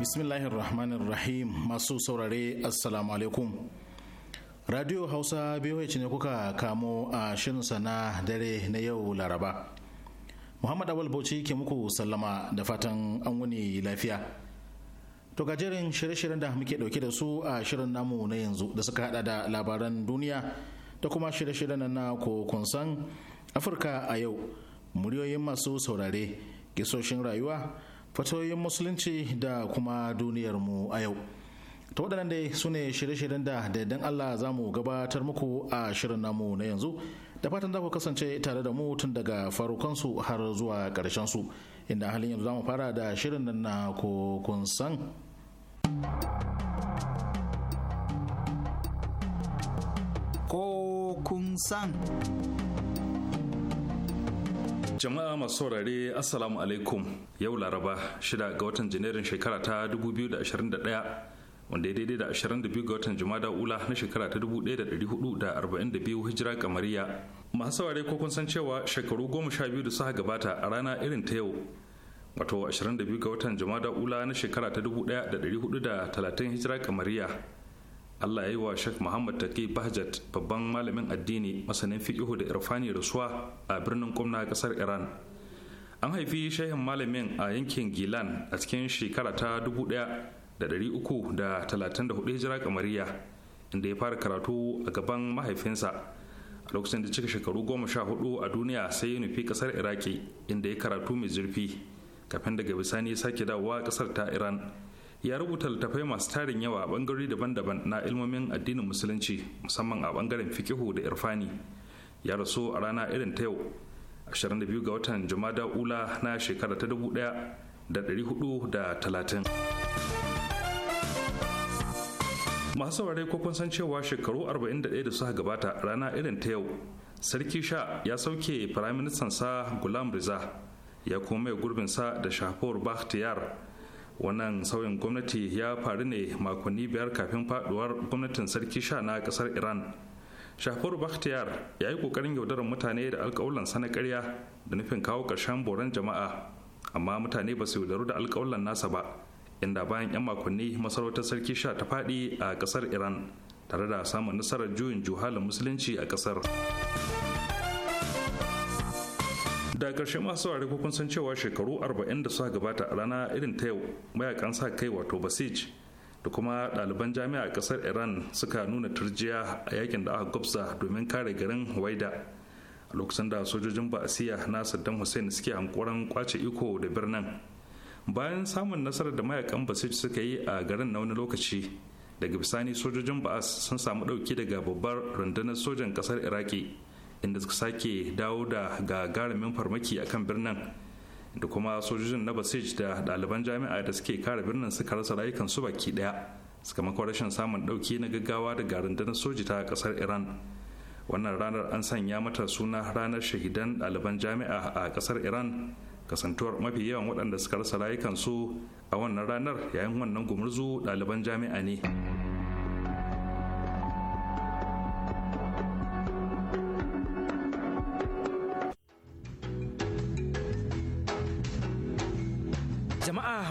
bismillahir rahmanir rahim masu saurare assalamu alaikum radio hausa biyu ne kuka kamo a shirinsa na dare na yau laraba muhammad awal bauchi ke muku sallama da fatan an wuni lafiya to gajeren shirye-shiryen da muke dauke da su a shirin namu na yanzu da suka hada da labaran duniya ta kuma shirye-shiryen na san afirka a yau muryoyin masu saurare gisoshin rayuwa fatoyin musulunci da kuma duniyarmu a yau ta waɗannan dai su ne shirye-shiryen da daidan allah za mu gabatar muku a shirin namu na yanzu da fatan za ku kasance tare da mu tun daga farukansu har zuwa su inda halin yanzu za mu fara da shirin nan na kokun san san jama'a masu saurare assalamu alaikum yau laraba shida ga watan janairun shekara ta 2021 wanda ya daidai da 22 ga watan jumada ula na shekara ta 1442 hijira kamariya masu saurare ko kun san cewa shekaru goma sha biyu da suka gabata a rana irin ta yau wato 22 ga watan jumada ula na shekara ta 1430 hijira kamariya Allah ya yi wa Sheikh Muhammad Taqi Bahjat babban malamin addini masanin fiqihu da irfani rasuwa a birnin Qumna kasar Iran. An haifi shehin malamin a yankin Gilan a cikin shekara ta 1334 hijira kamariya inda ya fara karatu a gaban mahaifinsa a lokacin da cika shekaru goma sha hudu a duniya sai ya nufi kasar iraki inda ya karatu mai zurfi kafin daga bisani sake dawowa kasar ta iran ya rubuta littattafai masu tarin yawa a bangarori daban-daban na ilmomin addinin musulunci musamman a bangaren fikihu da irfani ya rasu a rana irin ta yau 22 ga watan jumada ula na shekara ta 1430 masu saurari ko kun san cewa shekaru 41 da suka gabata rana irin ta yau sarki sha ya sauke firaministan sa gulam riza ya kuma mai gurbinsa da shafuwar bakhtiyar wannan sauyin gwamnati ya faru ne makonni biyar kafin faduwar gwamnatin sarki sha na kasar iran shafaru bakhtiyar ya yi kokarin yaudarar mutane da alkawalan sana karya da nufin kawo ƙarshen boran jama'a amma mutane ba su yaudaru da alkawalan nasa ba inda bayan 'yan makonni masarautar sarki sha ta faɗi a ƙasar iran tare da samun nasarar juyin juhalin musulunci a ƙasar. da karshe masu saurare ko kun san cewa shekaru 40 da suka gabata a rana irin ta yau mayakan sa kai wato basij da kuma ɗaliban jami'a a ƙasar iran suka nuna turjiya a yakin da aka gwabza domin kare garin waida a lokacin da sojojin ba'asiya na saddam hussein suke hankuran kwace iko da birnin bayan samun nasarar da mayakan basij suka yi a garin na wani lokaci daga bisani sojojin ba'as sun samu ɗauki daga babbar rundunar sojan ƙasar iraki inda suka sake dawo da gagarumin farmaki a kan birnin da kuma sojojin na basij da ɗaliban jami'a da suke kare birnin suka rasa rayukansu baki ɗaya suka mako rashin samun ɗauki na gaggawa daga rundunar soji ta kasar iran wannan ranar an sanya mata suna ranar shahidan ɗaliban jami'a a kasar iran kasantuwar mafi yawan waɗanda suka rasa rayukansu a wannan ranar yayin wannan gumurzu ɗaliban jami'a ne.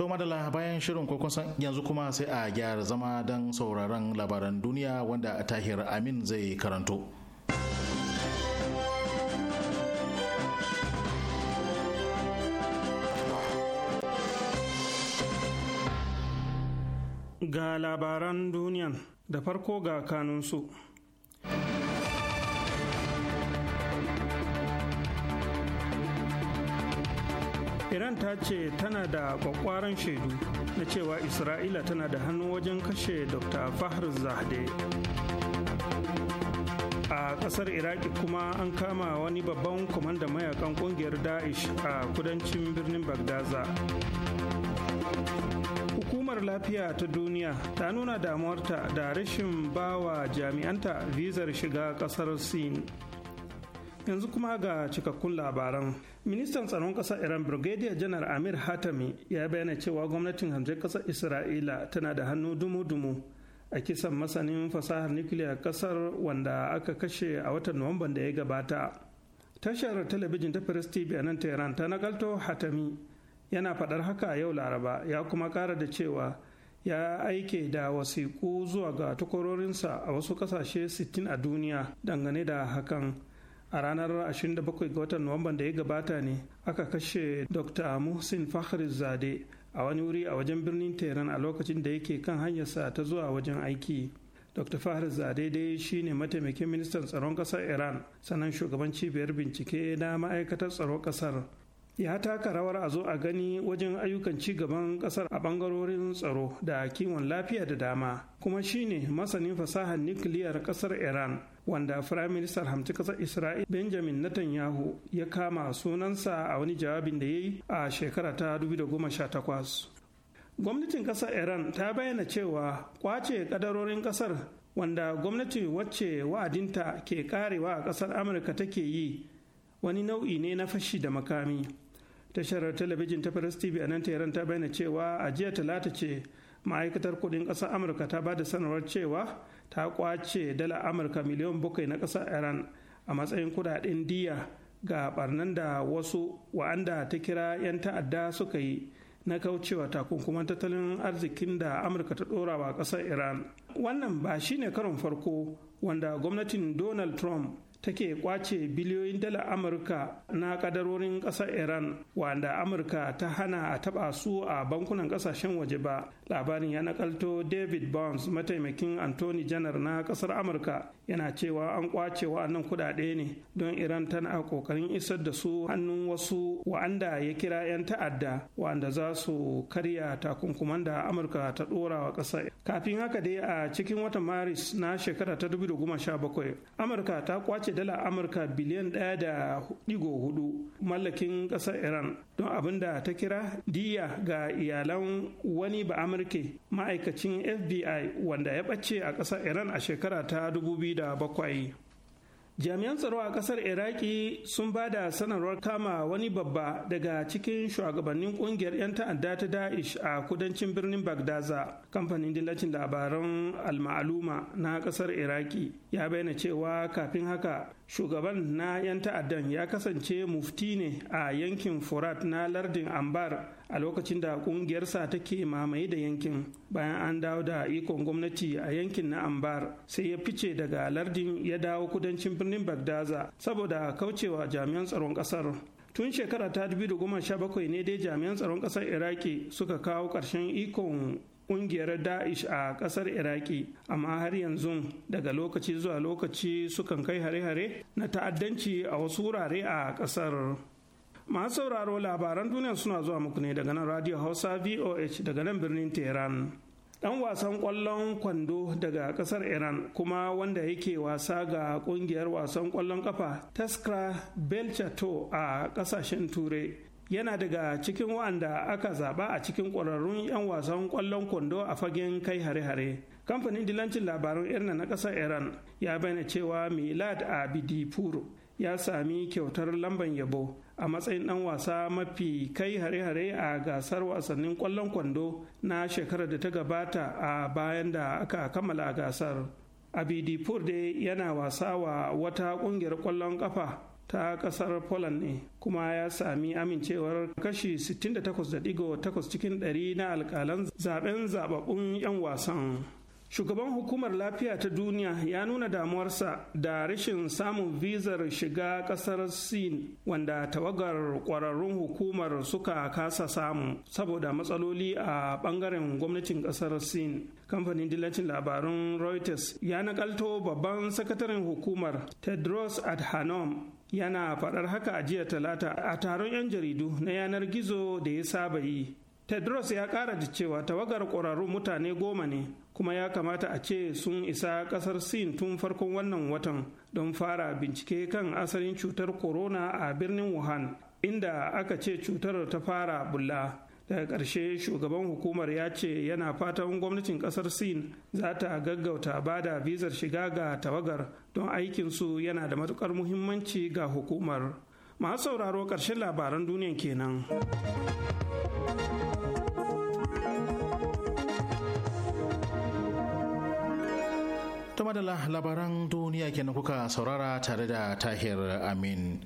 To madala bayan shirin ko kusan yanzu kuma sai a gyara zama don sauraron labaran duniya wanda tahir amin zai karanto. Ga labaran duniyan da farko ga kanunsu. iran ta ce tana da kwakwaran shaidu na cewa isra'ila tana da hannu wajen kashe dr fahar zahde a kasar iraki kuma an kama wani babban kwamanda mayakan kungiyar daesh a kudancin birnin bagdaza hukumar lafiya ta duniya ta nuna damuwarta da rashin bawa jami'anta vizar shiga kasar sin yanzu kuma ga cikakkun labaran ministan tsaron ƙasar iran brigadier janar amir hatami ya bayyana cewa gwamnatin hamzai kasar isra'ila tana da hannu dumu-dumu a kisan masanin fasahar nukiliyar ƙasar wanda aka kashe a watan nuwamban da ya gabata tashar talabijin ta paris tv a nan tehran ta nakalto hatami yana faɗar haka a yau laraba ya kuma kara da cewa ya aike da wasiƙu zuwa ga takwarorinsa a wasu ƙasashe 60 a duniya dangane da hakan a ranar 27 ga watan nuwamban da ya gabata ne aka kashe dr muhsin fahri zade a wani wuri a wajen birnin tehran a lokacin da yake kan hanyarsa ta zuwa wajen aiki dr fahri zade dai shine mataimakin ministan tsaron kasar iran sannan shugaban cibiyar bincike na ma'aikatar tsaron kasar ya taka rawar a zo a gani wajen ayyukan ci gaban kasar a bangarorin tsaro da kiwon lafiya da dama kuma shine masanin fasahar nukiliyar kasar iran wanda firaministan hamci kasar isra'il benjamin netanyahu ya kama sunansa a wani jawabin da ya yi a shekara ta 2018 gwamnatin kasar iran ta bayyana cewa kwace kadarorin kasar wanda gwamnati wacce wa'adinta ke karewa a kasar amurka take yi wani nau'i ne na fashi da makami tashar talabijin ta paris tv a nan ta bayyana cewa a jiya talata ce ma'aikatar kudin ƙasar amurka ta ba da sanarwar cewa ta kwace dala amurka miliyan bakwai na ƙasar iran a matsayin kudaden diya ga barnan da wasu wa'anda ta kira 'yan ta'adda suka yi na kaucewa takunkuman tattalin arzikin da amurka ta dora wa ƙasar iran wannan ba shine karon farko wanda gwamnatin donald trump take kwace biliyoyin dala amurka na kadarorin kasar iran wanda amurka ta hana a taba su a bankunan kasashen waje ba labarin ya nakalto david burns mataimakin anthony janar na kasar amurka yana cewa an kwace wa'annan kuɗaɗe ne don iran tana kokarin isar da su hannun wasu wa'anda ya kira 'yan ta'adda wa'anda za su karya takunkuman da amurka ta ɗora wa ƙasar kafin haka dai a cikin watan maris na shekara ta 2017 amurka ta kwace dala amurka biliyan ɗaya da digo hudu mallakin ƙasar iran don abin da ta kira diya ga iyalan wani ba amurke ma'aikacin fbi wanda ya ɓace a ƙasar iran a shekara ta 2000 bakwai jami'an tsaro a kasar iraki sun ba da sanarwar kama wani babba daga cikin shugabannin kungiyar 'yan ta'adda ta Daesh a kudancin birnin bagdaza kamfanin dillacin labaran al alma'aluma na kasar iraki ya bayyana cewa kafin haka shugaban na 'yan ta'addan ya kasance mufti ne a yankin furat na lardin ambar a lokacin da ƙungiyarsa take mamaye da yankin bayan an dawo da ikon gwamnati a yankin na ambar sai ya fice daga lardin ya dawo kudancin birnin bagdaza saboda kaucewa jami'an tsaron ƙasar tun shekara ta 2017 ne dai jami'an tsaron ƙasar iraki suka kawo ƙarshen ikon kungiyar Da'ish a kasar Iraki, amma har yanzu daga lokaci zuwa lokaci sukan kai hare-hare na ta'addanci a wasu wurare a kasar. masu sauraro labaran duniya suna zuwa muku ne daga nan radio hausa voh daga nan birnin tehran dan wasan kwallon kwando daga kasar iran kuma wanda yake wasa ga kungiyar wasan kwallon kafa taskra belchato a kasashen turai yana daga cikin wa'anda aka zaba a cikin kwararrun 'yan wasan kwallon kwando a fagen kai hare-hare kamfanin dilancin labarun irna na kasar iran ya bayyana cewa milad abidipur ya sami kyautar lamban yabo a matsayin ɗan wasa mafi kai hare-hare a gasar wasannin kwallon kwando na shekarar da ta gabata a bayan da aka kammala gasar abidipur dai yana wasa wa wata ƙungiyar kwallon ƙafa ta kasar poland ne kuma ya sami amincewar kashi 68.8 cikin 100 na alkalan zaben zababbun 'yan wasan shugaban hukumar lafiya ta duniya ya nuna damuwarsa da rashin samun vizar shiga kasar sin wanda tawagar kwararrun hukumar suka kasa samu saboda matsaloli a bangaren gwamnatin kasar sin kamfanin dillacin labarun reuters ya nakalto babban sakataren hukumar tedros adhanom yana faɗar haka a jiya talata a taron 'yan jaridu na yanar gizo da ya saba yi tedros ya kara da cewa tawagar ƙwararru mutane goma ne kuma ya kamata a ce sun isa ƙasar sin tun farkon wannan watan don fara bincike kan asalin cutar corona a birnin wuhan inda aka ce cutar ta fara bulla daga ƙarshe shugaban hukumar ya ce yana fatan gwamnatin ƙasar sin za ta gaggauta ba da bizar shiga ga tawagar don aikinsu yana da matuƙar muhimmanci ga hukumar masu sauraro ƙarshen labaran duniyan kenan. ta madala labaran duniya kenan kuka saurara tare da tahir amin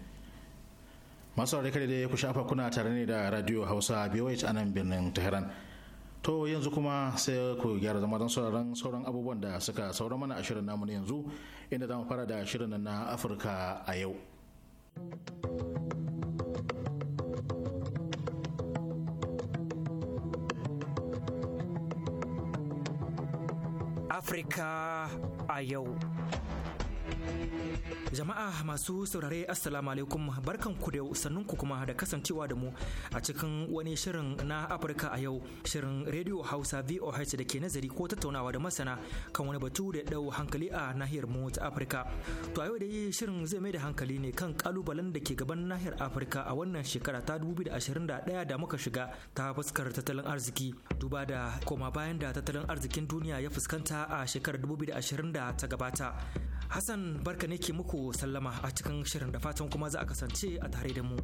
masu kada da ku shafa kuna tare ne da radio hausa bih a nan birnin tehran to yanzu kuma sai ku gyara zama don sauraron sauran abubuwan da suka saura mana a shirin namu yanzu inda za mu fara da shirin na afirka a yau Afirka a yau. Jama'a masu saurare Assalamu alaikum barkan ku da sannun ku kuma da kasancewa da mu a cikin wani shirin na Afirka a yau shirin Radio Hausa VOH da ke nazari ko tattaunawa da masana kan wani batu da dau hankali a nahiyar mu ta Afirka. To a yau da shirin zai mai da hankali ne kan kalubalen da ke gaban nahiyar Afirka a wannan shekara ta 2021 da muka shiga ta fuskar tattalin arziki duba da koma bayan da tattalin arzikin duniya ya fuskanta a shekarar 2020 da ta gabata. Hassan barka ne ke muku sallama a cikin shirin da fatan kuma za a kasance a tare da mu.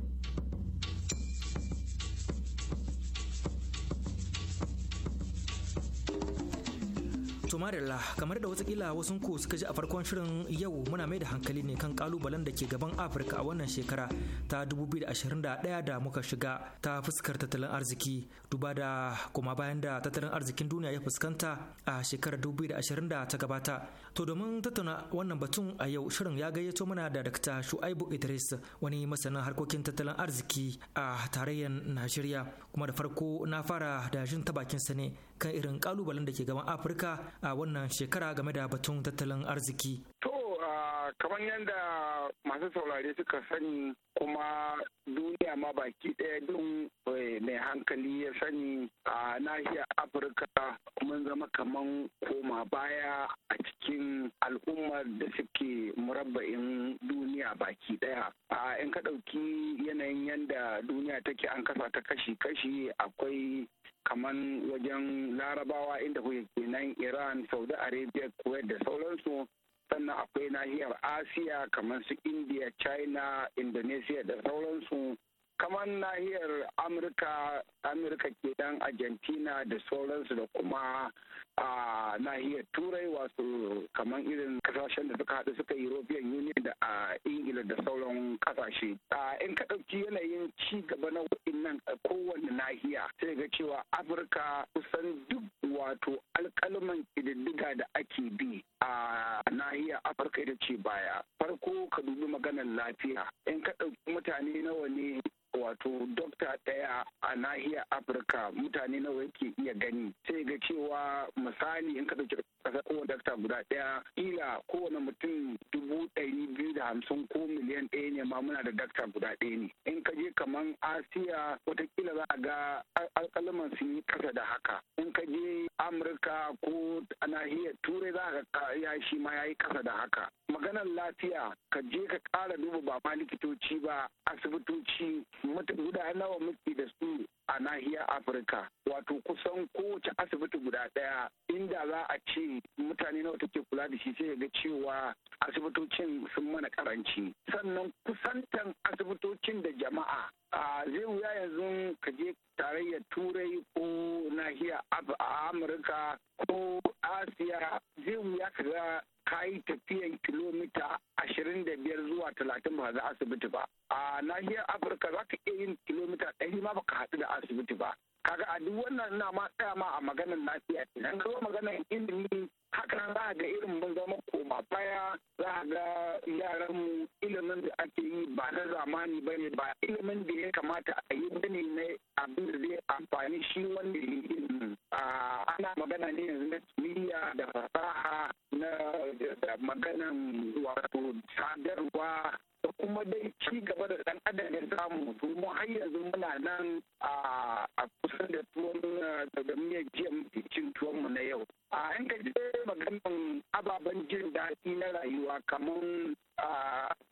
Tomarilla kamar da watakila wasu ku suka ji a farkon shirin yau muna mai da hankali ne kan kalubalen da ke gaban Afirka a wannan shekara ta 2021 da muka shiga ta fuskar tattalin arziki duba da kuma bayan da tattalin arzikin duniya ya fuskanta a shekarar 2020 da ta gabata. To domin tattauna wannan batun a yau shirin ya gayyato mana da Dr. Shu'aibu Idris wani masanin harkokin tattalin arziki a tarayyar Najeriya kuma da farko na fara da jin ta sa ne kan irin kalubalen da ke gaban Afirka a wannan shekara game da batun tattalin arziki. To kamar yadda masu saurare suka sani kuma duniya ma baki ɗaya don eh, mai hankali ya sani a nahiyar afirka mun zama kaman koma baya a cikin al'ummar da suke murabba'in duniya baki ɗaya a in ka ɗauki yanayin yadda duniya take an kasa ta kashi-kashi akwai kaman wajen larabawa inda kuke kenan iran saudi arabia kuwait da sauransu sannan akwai nahiyar asiya kamar su india china indonesia da sauransu kamar nahiyar amurka amurka kenan argentina da sauransu da kuma a nahiyar turai wasu kamar irin kasashen da suka haɗu suka european union da a ingila da sauran kasashe in ka ɗauki yanayin ci gaba na nan kowane nahiya sai ga cewa afirka kusan duk wato alkalman ƙididdiga da ake bi a nahiyar afirka ita ce baya farko ka dubi maganar lafiya in ka ɗauki mutane nawa ne wato dokta ɗaya a nahiyar afirka mutane nawa yake iya gani sai ga cewa misali in ka ɗauki ƙasa kowane hekta guda ɗaya ila kowane mutum dubu ɗari biyu da hamsin ko miliyan ɗaya ne ma muna da dakta guda ɗaya ne in ka je kaman asiya watakila za a ga alƙalaman sun yi ƙasa da haka in ka je amurka ko a nahiyar turai za a ga ya shi ma ya yi ƙasa da haka maganar lafiya ka je ka ƙara duba ba ma likitoci ba asibitoci mutum guda nawa muke da su a nahiyar afirka wato kusan kowace asibiti guda ɗaya inda za a ce mutane nawa take kula da shi sai ga cewa asibitocin sun mana karanci sannan kusantan asibitocin da jama'a a zai wuya yanzu ka je tarayyar turai ko nahiyar amurka ko asiya zai wuya ka ga ka yi tafiyan kilomita ashirin da biyar zuwa talatin ba za asibiti ba a nahiyar afirka za ka iya yin kilomita ɗari ma baka haɗu da asibiti ba kaga a duk wannan na ma tsaya ma a maganar lafiya ce dan zo maganar ilimi haka za a ga irin mun zama koma baya za a ga yaran mu ilimin da ake yi ba na zamani ba ne ba ilimin da ya kamata a yi ba ne na abin da zai amfani shi wanda ya yi ana magana ne yanzu na kimiyya da fasaha na maganan wato sadarwa da kuma dai ci gaba da dan adam ya samu mu har yanzu muna nan a kusan da tuwon daga miyar jiya cin tuwon mu na yau a ka je maganan ababen jin daɗi na rayuwa kamar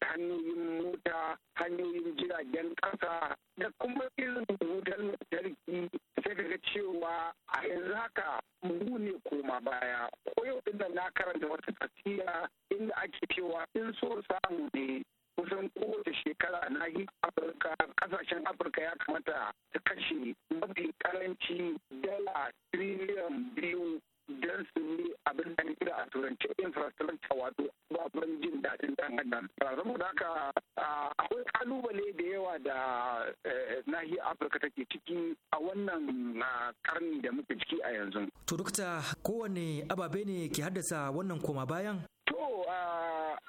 hanyoyin mota hanyoyin jiragen ƙasa da kuma irin wutar lantarki sai daga cewa a yanzu haka mu ne koma baya ko yau na karanta wata tafiya inda ake cewa in so samu ne kusan kowace shekara a nahiyar afirka kasashen afirka ya kamata ta kashe mafi karanci dala tiriliyan biyu don su yi abin da kira a turance infrastructure wato babban jin daɗin dan adam ah, saboda haka ah, akwai kalubale da yawa da eh, nahiyar afirka take ciki a wannan ah, karni da muke ciki a yanzu to dukta kowane ababe ne ke haddasa wannan koma bayan To,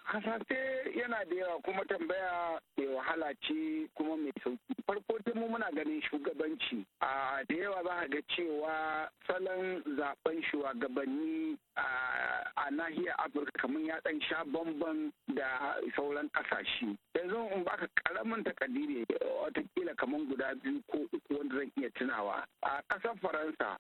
hasashe yana da yawa kuma tambaya mai wahala ce kuma mai sauki. Farko mu muna ganin shugabanci. a Da yawa za a ga cewa salon zaben shugabanni a nahiyar Afirka kamar ya ɗan sha bamban da sauran ƙasashe. Yanzu in baka karamin takadiri watakila kamar guda biyu ko uku wanda zan iya tunawa. A ƙasar Faransa,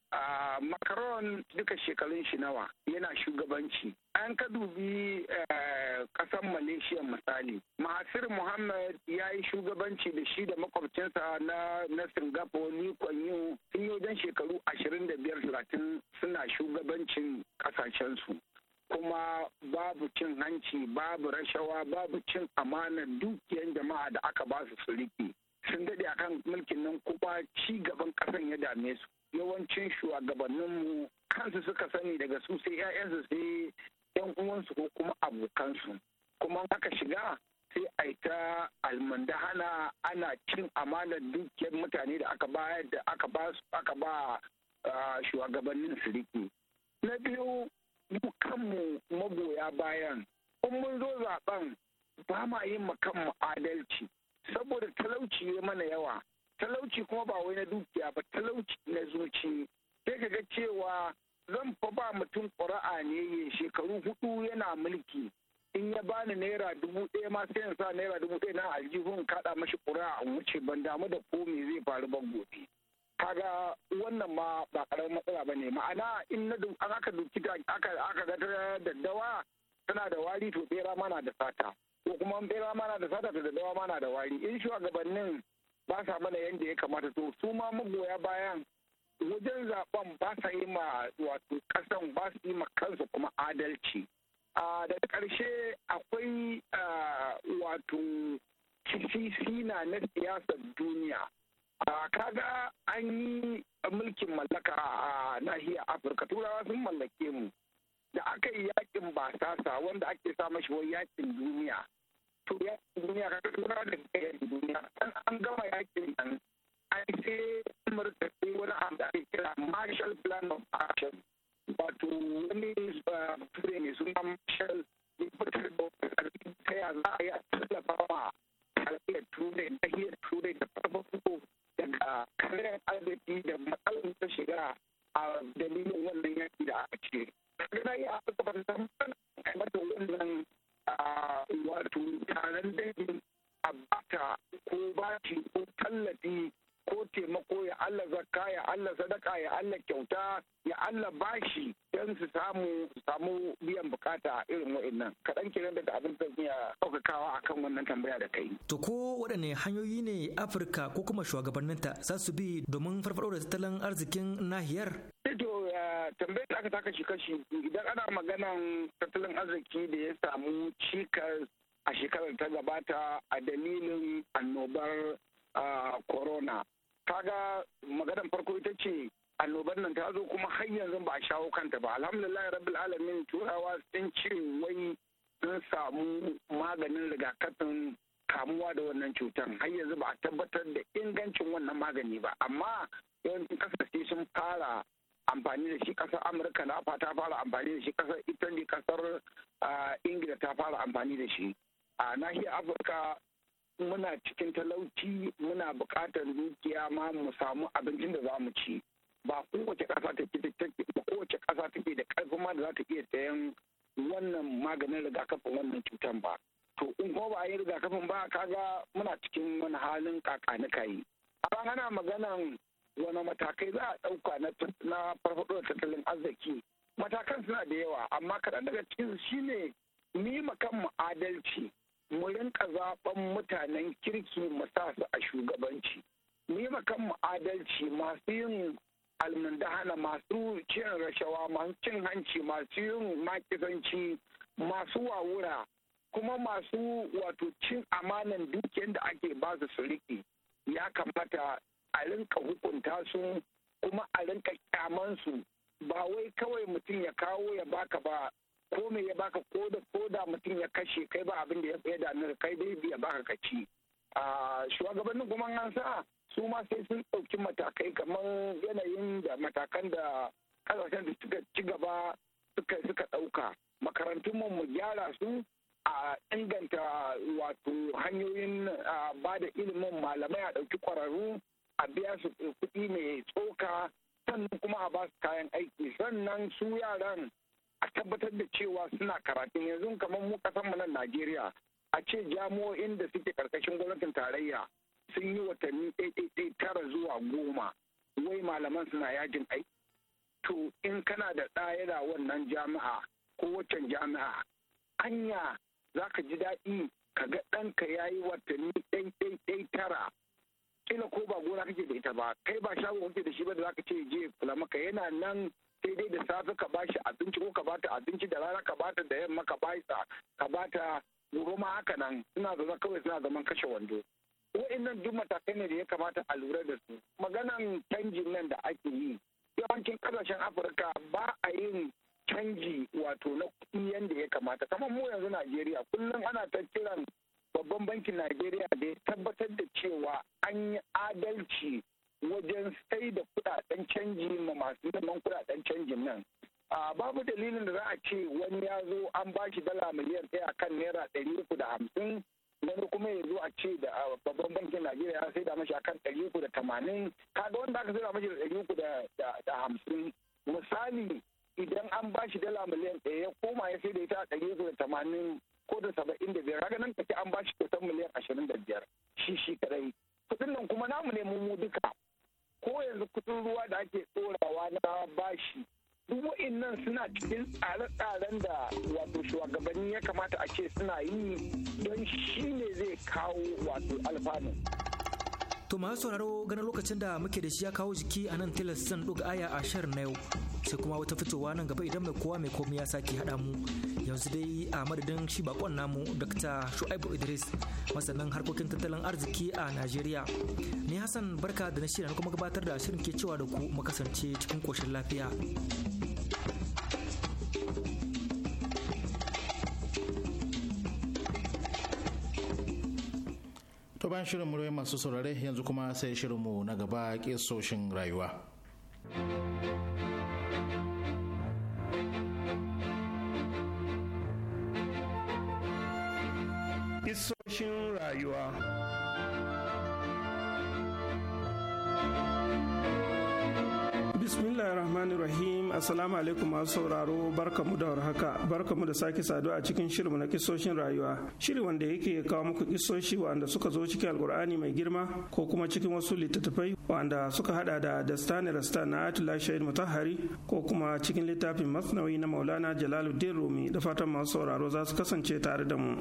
Macron duka shekarun shi nawa yana shugabanci. An ka dubi Eh, kasan malaysia misali mahasir muhammad ya yi shugabanci da shi da makwabcinsa na na singapore ni kwanyo sun yi don shekaru ashirin da suna shugabancin kasashensu kuma babu cin hanci babu rashawa babu cin amanar dukiyar jama'a da aka ba su su riƙe sun daɗe akan mulkin nan kuma ci gaban ƙasan ya dame su yawancin shugabanninmu kansu suka sani daga su sai 'ya'yansu sai yan uwansu ko kuma abokansu kuma haka shiga sai a yi ta almandahana ana cin amanar dukiyar mutane da aka bayar da aka ba aka ba shugabannin su riƙe na biyu mu kanmu magoya bayan in mun zo zaben ba ma yin kanmu adalci saboda talauci ya mana yawa talauci kuma ba wai na dukiya ba talauci na zuci sai ka ga cewa zan fa ba mutum ƙura'a ne ya shekaru hudu yana mulki in ya bani naira dubu ɗaya ma sai sa naira dubu ɗaya na aljihun kaɗa mashi ƙura'a a wuce ban damu da ko me zai faru ban gobe kaga wannan ma ba ƙaramin matsala ba ma'ana in na an aka duki aka aka ga daddawa tana da wari to bera mana da sata ko kuma bera mana da sata to daddawa mana da wari in shugabannin ba sa mana yanda ya kamata to su ma magoya bayan wajen zaben ba sa yi ma wato kasan ba su yi ma kansu kuma adalci daga ƙarshe akwai wato sisina na siyasar duniya kaga an yi mulkin mallaka a nahiyar afirka turawa sun mallake mu da aka yi yakin basasa wanda ake sa shi wani yakin duniya to yakin duniya kaga turawa da yakin duniya an gama yakin nan ai sai amurka sai wani abu da ake kira marshall plan of action wato wani ture uh, mai suna marshall ya fitar da ƙarfi ta ya za a yi a tallafa wa tarayyar turai nahiyar turai da farfaɗo daga karyar arziki da matsalar ta shiga a dalilin wannan yaki da aka ce. yi a aka kafa kamar da wannan uh, wato taron dangin a bata ko bashi ko tallafi ko taimako ya Allah zakka ya Allah sadaka ya Allah kyauta ya Allah bashi don su samu samu biyan bukata a irin wa'annan kaɗan kenan daga abin da iya ɗaukakawa akan wannan tambaya da kai. To ko waɗanne hanyoyi ne Afirka ko kuma shugabanninta za su bi domin farfaɗo da tattalin arzikin nahiyar? Eh to tambayar da aka taka shi kashi idan ana maganan tattalin arziki da ya samu cikas a shekarar ta gabata a dalilin annobar ah, corona kaga maganar farko ita ce annoban nan ta zo kuma har yanzu ba a shawo kanta ba alhamdulillah rabbil alamin turawa sun cire wai sun samu maganin rigakafin kamuwa da wannan cutar har yanzu ba a tabbatar da ingancin wannan magani ba amma yawancin kasashe sun fara amfani da shi kasar amurka na ta fara amfani da shi kasar italy kasar ah, ingila ta fara amfani da shi a nahiyar afirka muna cikin talauci muna buƙatar dukiya ma mu samu abincin da za mu ci ba kowace ƙasa take kowace ƙasa take da ƙarfin ma da za ta iya sayan wannan maganin rigakafin wannan cutar ba to in ko ba a yi rigakafin ba kaga muna cikin wani halin kakanika yi amma ana maganan wani matakai za a ɗauka na farfaɗo da tattalin arziki matakan suna da yawa amma kaɗan daga cikin shine ni mu adalci mu rinka zaben mutanen kirki mu sa su a shugabanci mu ma makan adalci masu yin almundahana masu cin rashawa masu cin hanci masu yin makisanci masu wawura kuma masu wato cin amanan dukiyar da ake ba su su riƙe ya kamata a rinka hukunta su kuma a rinka kyaman su ba wai kawai mutum ya kawo ya baka ba ko me ya baka ko da ko da mutum ya kashe kai ba abin da ya tsaye da kai dai biya baka kaci a shugabannin kuma an sa su ma sai sun ɗauki matakai kamar yanayin da matakan da kasashen da suka ci gaba suka suka ɗauka makarantun mu mu gyara su a inganta wato hanyoyin ba da ilimin malamai a ɗauki ƙwararru a biya su kuɗi mai tsoka sannan kuma a ba su kayan aiki sannan su yaran a tabbatar da cewa suna karatun yanzu kamar mu kasan mu nan Najeriya a ce jami'o'in da suke karkashin gwamnatin tarayya sun yi watanni ɗaiɗaiɗai tara zuwa goma wai malaman suna yajin ai to in kana da ɗaya da wannan jami'a ko waccan jami'a anya za ka ji daɗi ka ga ɗanka ya yi watanni ɗaiɗaiɗai tara kila ko ba gona kake da ita ba kai ba shago kake da shi ba da za ka ce je kula maka yana nan sai dai da safe ka bashi abinci ko ka ta abinci da rana ka ta da yamma ka ta ka ta gobe ma haka nan suna zama kawai suna zaman kashe wando wa'annan duk matakai ne da ya kamata a lura da su maganan canjin nan da ake yi yawancin kasashen afirka ba a yin canji wato na kuɗi yadda ya kamata kamar mu yanzu najeriya kullum ana ta kiran babban bankin najeriya da ya tabbatar da cewa an yi adalci wajen sai da kudaden canji ma masu zaman kudaden canjin nan babu dalilin da za a ce wani ya zo an ba shi dala miliyan ɗaya a kan naira ɗari uku da hamsin wani kuma ya zo a ce da babban bankin najeriya ya sai da mashi akan ɗari uku da tamanin kaga wanda aka sai da mashi da ɗari uku da hamsin misali idan an ba shi dala miliyan ɗaya ya koma ya sai da ita a ɗari uku da tamanin ko da saba'in da biyar raga nan take an ba shi kusan miliyan ashirin da biyar shi shi kadai kuɗin nan kuma namu ne mu duka ko yanzu kudin ruwa da ake tsorawa na bashi duk nan suna cikin tsare-tsaren da wato shugabanni ya kamata a ce suna yi don shi ne zai kawo wato alfanu. To masu sauraro ganin lokacin da muke da shi ya kawo jiki a nan tilas zan ɗuga aya a shar na yau sai kuma wata fitowa nan gaba idan mai kowa mai komi ya sake haɗa mu yanzu dai a madadin shi bakon namu Dr. Shu'aibu Idris masanin harkokin tattalin arziki a Najeriya. Ni Hassan barka da na shirya kuma gabatar da shirin ke cewa da ku mu kasance cikin koshin lafiya. bayan shirin muryoyin masu saurare yanzu kuma sai mu na gaba kisoshin rayuwa Kisoshin rayuwa bismillahir rahmanir rahim assalamu alaikum masu sauraro barkamu da warhaka barkamu da sake saduwa a cikin shirinmu na kisoshin rayuwa shiri wanda yake kawo muku kisoshi wanda suka zo cikin alkur'ani mai girma ko kuma cikin wasu littattafai wanda suka hada da dastani rasta na atula shahid mutahari ko kuma cikin littafin masnawi na maulana jalaluddin rumi da fatan masu sauraro za su kasance tare da mu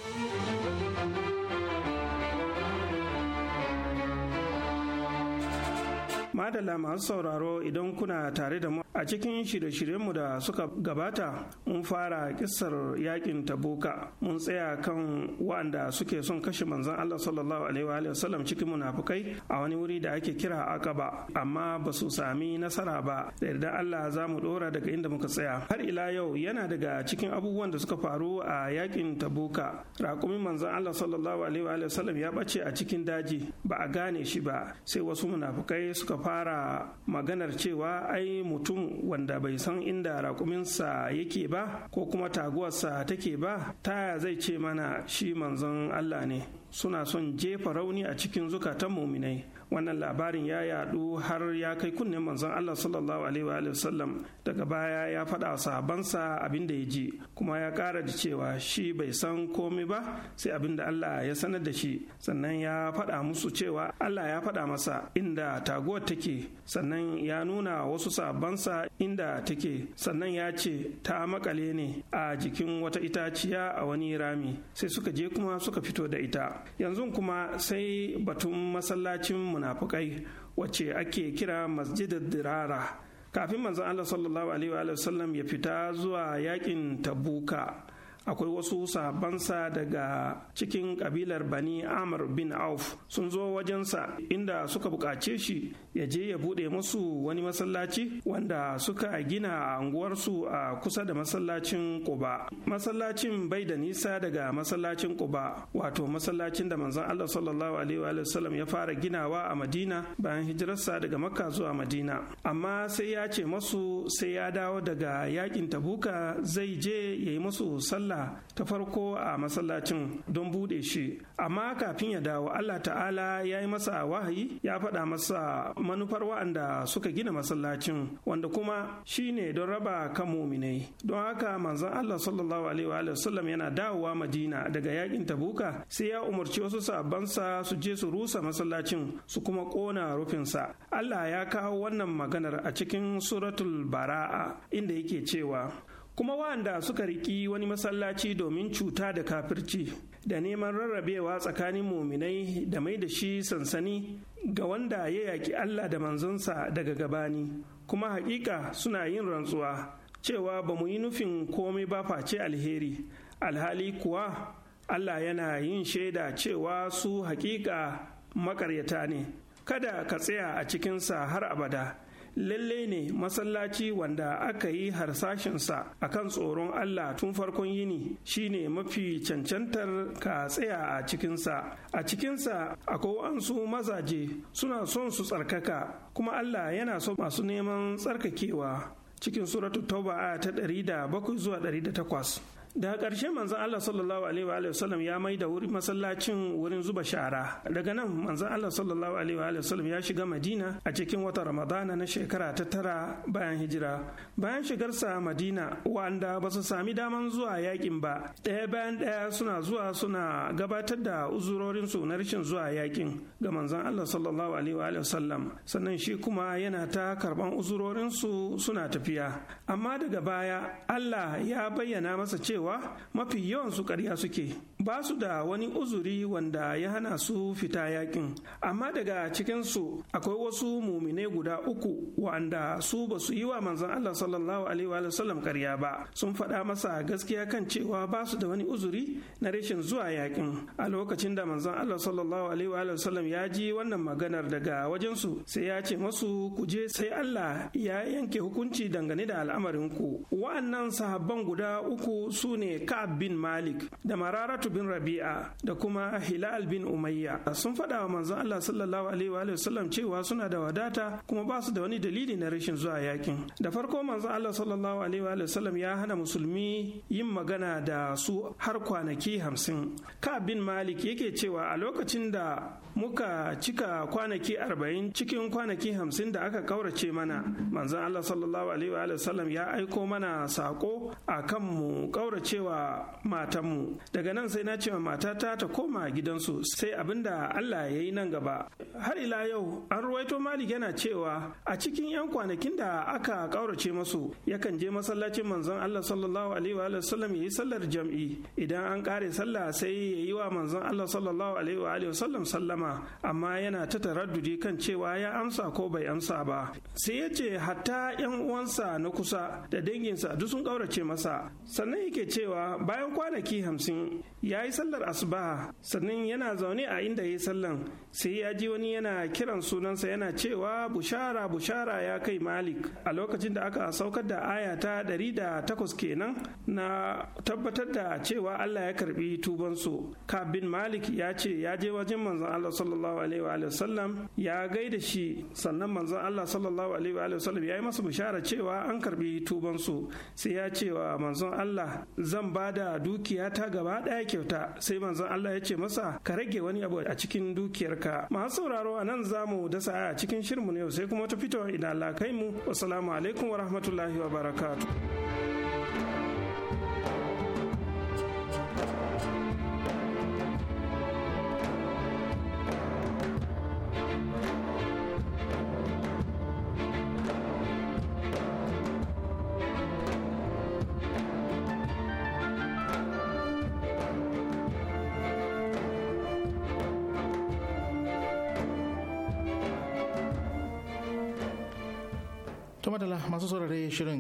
madalla masu sauraro idan kuna tare da mu a cikin shirye-shiryenmu da suka gabata mun fara kissar yakin tabuka mun tsaya kan wanda suke son kashe manzon Allah sallallahu alaihi wa sallam cikin munafukai a wani wuri da ake kira akaba amma ba su sami nasara ba da yarda Allah za mu dora daga inda muka tsaya har ila yau yana daga cikin abubuwan da suka faru a yakin tabuka raƙumin manzon Allah sallallahu alaihi wa sallam ya bace a cikin daji ba a gane shi ba sai wasu munafukai suka fara maganar cewa ai mutum wanda bai san inda raƙuminsa yake ba ko kuma taguwarsa take ba taya zai ce mana shi manzon Allah ne suna son jefa rauni a cikin zukatan muminai wannan labarin ya yaɗu har ya kai kunnen manzon Allah sallallahu alaihi wa sallam daga baya ya faɗa sabansa abin da ya ji kuma ya ƙara da cewa shi bai san komai ba sai abin da Allah ya sanar da shi sannan ya faɗa musu cewa Allah ya faɗa masa inda taguwar take sannan ya nuna wasu sabansa inda take sannan ya ce ta makale ne a jikin wata itaciya a wani rami sai suka je kuma suka fito da ita yanzu kuma sai batun masallacin munafukai wacce ake kira masjidar dirara kafin manzon Allah sallallahu alaihi wa sallam ya fita zuwa yakin tabuka akwai wasu sabansa daga cikin kabilar bani amr bin auf sun zo wajensa inda suka buƙace shi ya je ya buɗe musu wani masallaci wanda suka gina a anguwarsu a kusa da masallacin ƙuba. masallacin bai da nisa daga masallacin ƙuba. wato masallacin da manzon allah sallallahu alaihi wa sallam ya fara ginawa a madina bayan hijirarsa daga makka zuwa madina amma sai ya ce masu sai ya dawo daga yakin tabuka zai je ya yi musu sallah ta farko a masallacin don bude shi amma kafin ya dawo Allah ta'ala ya yi masa wahayi ya faɗa masa manufar wa'anda suka gina masallacin wanda kuma shi ne don raba kan muminai don haka manzon Allah sallallahu alaihi wa sallam yana dawowa Madina daga yakin Tabuka sai ya umarci wasu sabansa su je su rusa masallacin su kuma kona rufinsa Allah ya kawo wannan maganar a cikin suratul bara'a inda yake cewa kuma wanda suka riki wani masallaci domin cuta da kafirci da neman rarrabewa tsakanin muminai da mai da shi sansani ga wanda ya yaƙi Allah da manzonsa daga gabani kuma haƙiƙa suna yin rantsuwa cewa ba mu yi nufin komai ba face alheri alhali kuwa Allah yana yin shaida cewa su haƙiƙa maƙaryata ne kada ka tsaya a cikinsa har abada lalle ne masallaci wanda aka yi harsashinsa a kan tsoron Allah tun farkon yini shine mafi cancantar ka tsaya a cikinsa a cikinsa akwai ansu mazaje suna son su tsarkaka kuma Allah yana so masu neman tsarkakewa cikin suratu tauba ta 107 zuwa 108 da ƙarshe manzon Allah sallallahu alaihi wa sallam ya mai da wurin masallacin wurin zuba shara daga nan manzon Allah sallallahu alaihi wa wasallam ya shiga Madina a cikin wata Ramadana na shekara ta tara bayan hijira bayan shigarsa Madina wanda ba su sami daman zuwa yakin ba ɗaya bayan ɗaya suna zuwa suna gabatar da uzurorin su na rashin zuwa yakin ga manzon Allah sallallahu alaihi wa wasallam. sannan shi kuma yana ta karban uzurorin su suna tafiya amma daga baya Allah ya bayyana masa cewa cewa mafi yawan su ƙarya suke ba su da wani uzuri wanda ya hana su fita yakin amma daga cikinsu akwai wasu mumine guda uku wanda su ba su yi wa manzan Allah sallallahu alaihi wa sallam karya ba sun faɗa masa gaskiya kan cewa ba su da wani uzuri na rashin zuwa yakin a lokacin da manzan Allah sallallahu alaihi wa sallam ya ji wannan maganar daga wajensu sai ya ce masu ku je sai Allah ya yanke hukunci dangane da al'amarin ku wa'annan sahabban guda uku su ne Ka'ab bin Malik da Mararatu bin rabi'a da kuma hilal bin umayya sun faɗa wa manzon allah sallallahu alaihi wa sallam cewa suna da wadata kuma ba su da wani dalili na rashin zuwa yakin da farko manzon allah sallallahu alaihi wa sallam ya hana musulmi yin magana da su har kwanaki hamsin ka bin malik yake cewa a lokacin da muka cika kwanaki arba'in cikin kwanaki hamsin da aka kaurace mana manzon Allah sallallahu alaihi wa sallam ya aiko mana sako a kan mu kauracewa matanmu daga nan sai na ce wa matata ta koma gidansu sai abin da Allah ya yi nan gaba har ila yau an ruwaito Malik yana cewa a cikin 'yan kwanakin da aka kaurace masu yakan je masallacin manzon Allah sallallahu alaihi wa sallam ya yi sallar jam'i idan an kare sallah sai ya yi wa manzon Allah sallallahu alaihi wa sallam sallama amma yana ta taraddudi kan cewa ya amsa ko bai amsa ba sai ya ce hatta yan uwansa na kusa da danginsa duk sun ƙaurace masa sannan yake cewa bayan kwanaki hamsin ya yi sallar asuba sannan yana zaune a inda ya yi sallan sai ya ji wani yana kiran sunansa yana cewa bushara bushara ya kai malik a lokacin da aka saukar da aya ta takwas kenan na tabbatar da cewa allah ya karbi tubansu kabin malik ya ce ya je wajen manzon allah sallallahu alaihi wa sallam ya gaida shi sannan manzon allah sallallahu alaihi wa sallam ya yi masa bushara cewa an karbi tubansu sai ya cewa wa manzon allah zan ba da dukiya ta gaba ɗaya kyauta sai manzon Allah ya ce masa ka rage wani abu a cikin dukiyarka masu sauraro a nan za mu dasa a cikin shirinmu ne sai kuma ta fitowa idan Allah kai mu wassalamu alaikum wa rahmatullahi wa barakatuh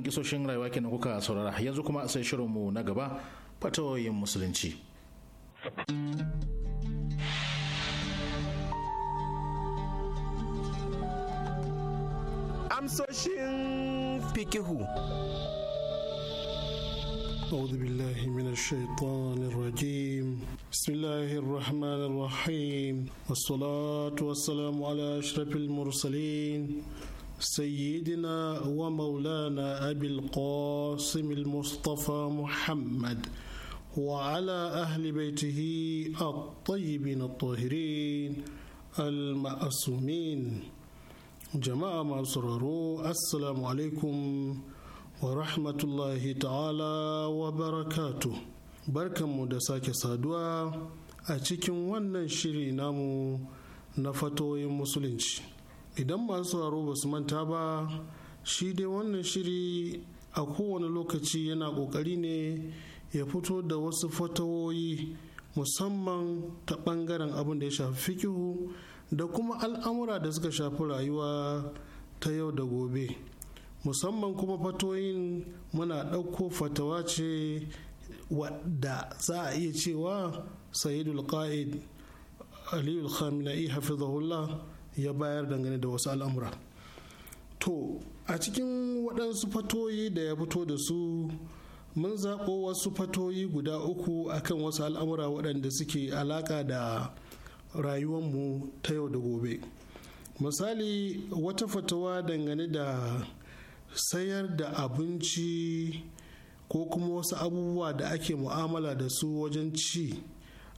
kisoshin rayuwa kenan kuka saurara yanzu kuma sai shirinmu na gaba fatawoyin musulunci amsoshin fikihu أعوذ بالله من الشيطان الرجيم بسم الله الرحمن الرحيم والصلاة والسلام على أشرف المرسلين سيدنا ومولانا أبي القاسم المصطفى محمد وعلى أهل بيته الطيبين الطاهرين المأسومين جماعة مصرروا السلام عليكم ورحمة الله تعالى وبركاته بركة مدساك سادوا أتكم وننشري نامو نفتوي مسلمين idan masu sauraro ba su manta ba shi dai wannan shiri a kowane lokaci yana kokari ne ya fito da wasu fatawoyi musamman ta bangaren abin da ya shafi fikihu da kuma al'amura da suka shafi rayuwa ta yau da gobe musamman kuma fatoyin muna ɗauko fatawa ce wadda za a iya cewa sayidul qa'id aliyul khamina'i hafizahullah ya bayar dangane da wasu al'amura to a cikin waɗansu fatoyi da ya fito da su mun zaɓo wasu fatoyi guda uku akan wasu al'amura waɗanda suke alaƙa da mu ta yau da gobe misali wata fatawa dangane da sayar da abinci ko kuma wasu abubuwa da ake mu'amala da su wajen ci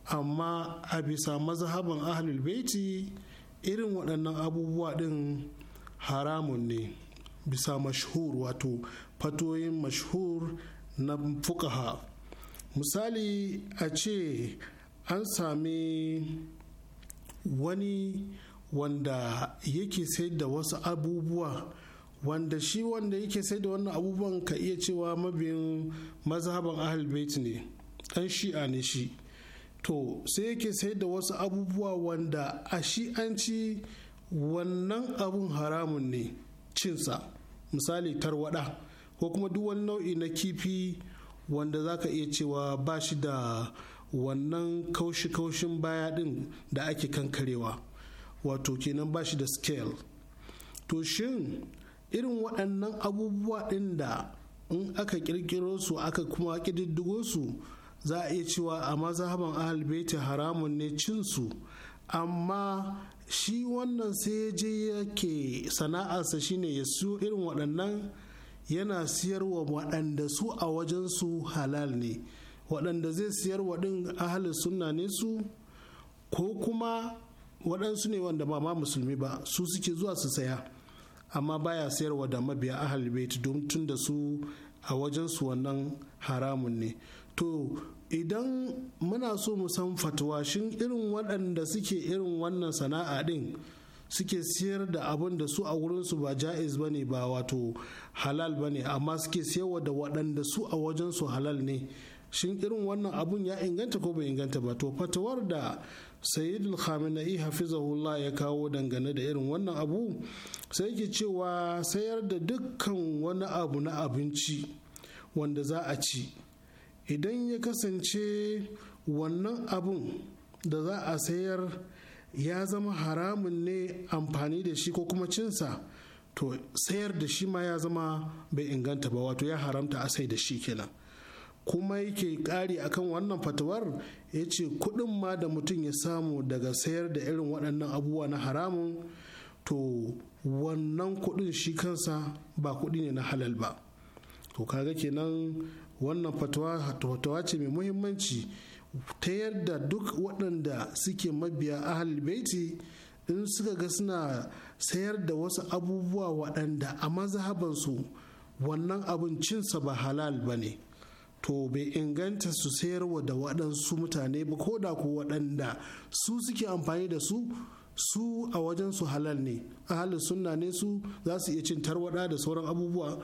amma a bisa mazhaban ahlul baiti irin waɗannan abubuwa ɗin haramun ne bisa mashhur wato fatoyin mashhur na fukaha misali a ce an sami wani wanda yake sayar da wasu abubuwa wanda shi wanda yake sayar da wannan abubuwan ka iya cewa mabiyin mazhaban ahalbeit ne ɗan shi'a ne shi to sai yake sayar da wasu abubuwa wanda a ci wannan abun haramun ne cinsa misali tarwada ko kuma duk wani nau'i na kifi wanda za ka iya cewa ba shi da wannan kaushi-kaushin baya din da ake kankarewa wato kenan ba shi da scale to shin irin waɗannan abubuwa ɗin da in aka kirkiro su aka kuma ƙididdigo su za a iya cewa a mazhaban ahal baiti haramun ne cinsu amma shi wannan sai je yake sana'arsa shine ya siyo irin waɗannan yana siyarwa waɗanda su a wajensu halal ne waɗanda zai siyar waɗin ahalin sunna ne su ko kuma waɗansu ne wanda ba ma musulmi ba su suke zuwa su saya amma baya sayarwa da mabiya ahal baiti don tun da su a wajensu wannan haramun ne to idan muna so mu san shin irin waɗanda suke irin wannan sana'a ɗin suke siyar da abin da su a wurinsu ba ja'iz ba ne ba wato halal ba ne amma suke siyarwa da waɗanda su a wajensu halal ne shin irin wannan abun ya inganta ko bai inganta ba to fatawar da sayyidul khamenei hafizahullah ya kawo dangane da irin wannan abu sai ke cewa sayar da dukkan wani abu na abinci wanda za a ci idan ya kasance wannan abun da za a sayar ya zama haramun ne amfani da shi ko kuma cinsa to sayar da shi ma ya zama bai inganta ba wato ya haramta a sai da shi kenan kuma yake ƙari akan wannan fatawar ya ce kuɗin ma da mutum ya samu daga sayar da irin waɗannan abubuwa na haramun to wannan kuɗin shi kansa ba kuɗi ne na halal ba to kaga kenan wannan fatawa ce mai muhimmanci ta yadda duk waɗanda suke mabiya ahal baiti in suka ga suna sayar da wasu abubuwa waɗanda a mazhabansu wannan abincinsa ba halal ba ne to bai inganta su sayarwa da waɗansu mutane ba ko da ku waɗanda su suke amfani da su su a wajen su halal ne a halin sunna ne su za su iya cin tarwaɗa da sauran abubuwa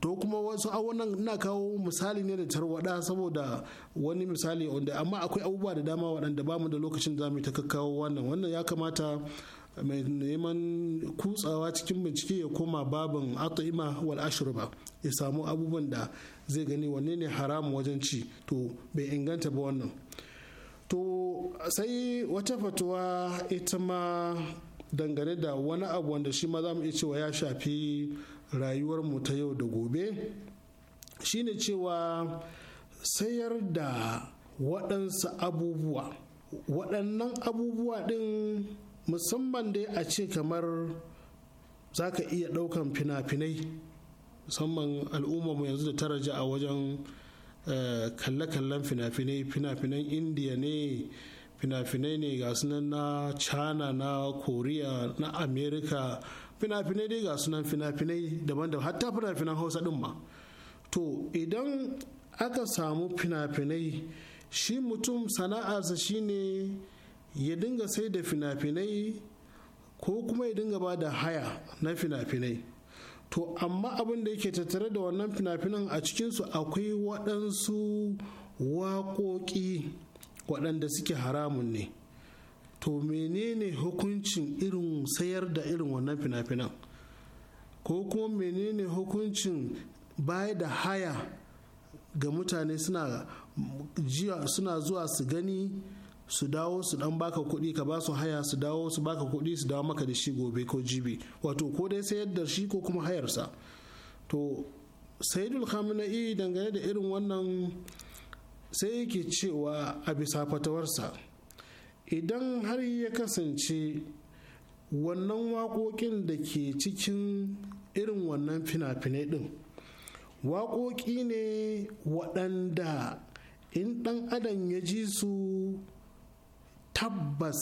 to kuma wasu wannan ina kawo misali ne da tarwada saboda wani misali wanda amma akwai abubuwa da dama waɗanda ba mu da lokacin za mu ta kawo wannan wannan ya kamata mai neman kutsawa cikin bincike ya koma babin at'ima wal ashruba ya samu abubuwan da zai gani wanne ne haramu wajen ci to bai inganta ba wannan to sai wata fatuwa ita ma dangane da wani abu wanda shi ma za mu iya cewa ya shafi Rayuwar mu ta yau da gobe shine cewa sayar da waɗansu abubuwa waɗannan abubuwa ɗin musamman dai a ce kamar za ka iya ɗaukan fina-finai musamman al'ummarmu yanzu da taraja a wajen eh, kalle-kallen fina-finai fina-finan indiya ne fina-finai ne ga nan na china na korea na Amerika. fina-finai dai ga sunan fina-finai daban-daban hatta fina-finan hausa din ma to idan aka samu fina-finai shi mutum sana'arsa shine ya dinga sai da fina-finai ko kuma ya dinga ba da haya na fina-finai to amma abin da yake tattare da wannan fina-finan a cikinsu akwai waɗansu waƙoƙi waɗanda suke haramun ne to menene hukuncin irin sayar da irin wannan fina-finan ko kuma menene hukuncin baya da haya ga mutane suna zuwa su gani su dawo su dan baka kuɗi ka ba su haya su dawo su baka kuɗi su dawo maka da shi gobe ko jibi wato ko dai sayar da shi ko kuma hayarsa to sayidul khamenei dangane da irin wannan sai yake cewa a bisa fatawarsa idan har ya kasance wannan waƙoƙin da ke cikin irin wannan fina-finai ɗin waƙoƙi ne waɗanda in ɗan adam ya ji su tabbas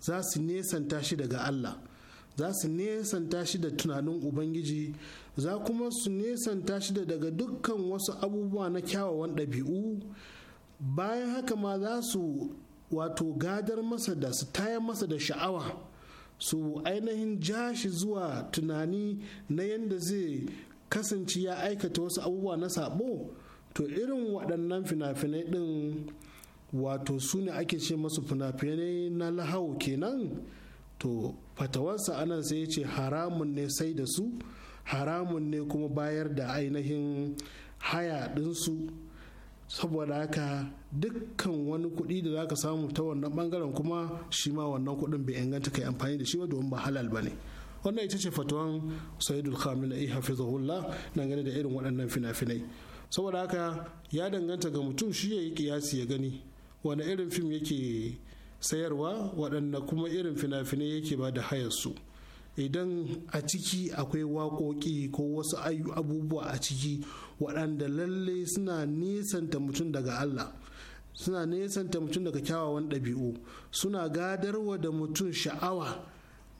za su nesanta shi daga Allah za su nesanta shi da tunanin Ubangiji za kuma su nesanta shi da daga dukkan wasu abubuwa na kyawawan ɗabi'u bayan haka ma za su wato gadar masa da su tayar masa da sha'awa su ainihin jashi zuwa tunani na yadda zai kasance ya aikata wasu abubuwa na sabo to irin waɗannan fina-finai ɗin wato su ne ake ce masu fina-finai na lahau kenan to fatawarsa anan sai ce haramun ne sai da su haramun ne kuma bayar da ainihin haya ɗinsu saboda haka dukkan wani kuɗi da zaka samu ta wannan bangaren kuma shi ma wannan kuɗin bai inganta kai amfani da shi ba domin ba halal ba ne wannan ita ce fatawan saidul khamil ai hafizahullah dangane da irin waɗannan fina-finai saboda haka ya danganta ga mutum shi ya yi kiyasi ya gani wani irin fim yake sayarwa waɗanda kuma irin fina-finai yake ba da hayarsu idan a ciki akwai waƙoƙi ko wasu abubuwa a ciki waɗanda lalle suna nisanta mutum daga Allah suna nisanta mutum daga kyawawan ɗabi'u suna gadarwa da mutum sha'awa